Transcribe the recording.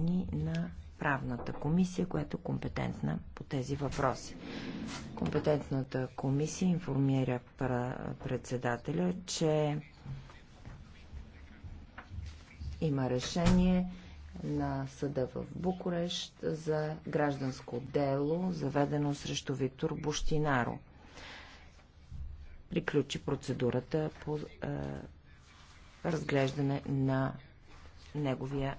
ни на правната комисия, която е компетентна по тези въпроси. Компетентната комисия информира председателя, че има решение на съда в Букурещ за гражданско дело, заведено срещу Виктор Буштинаро. Приключи процедурата по е, разглеждане на неговия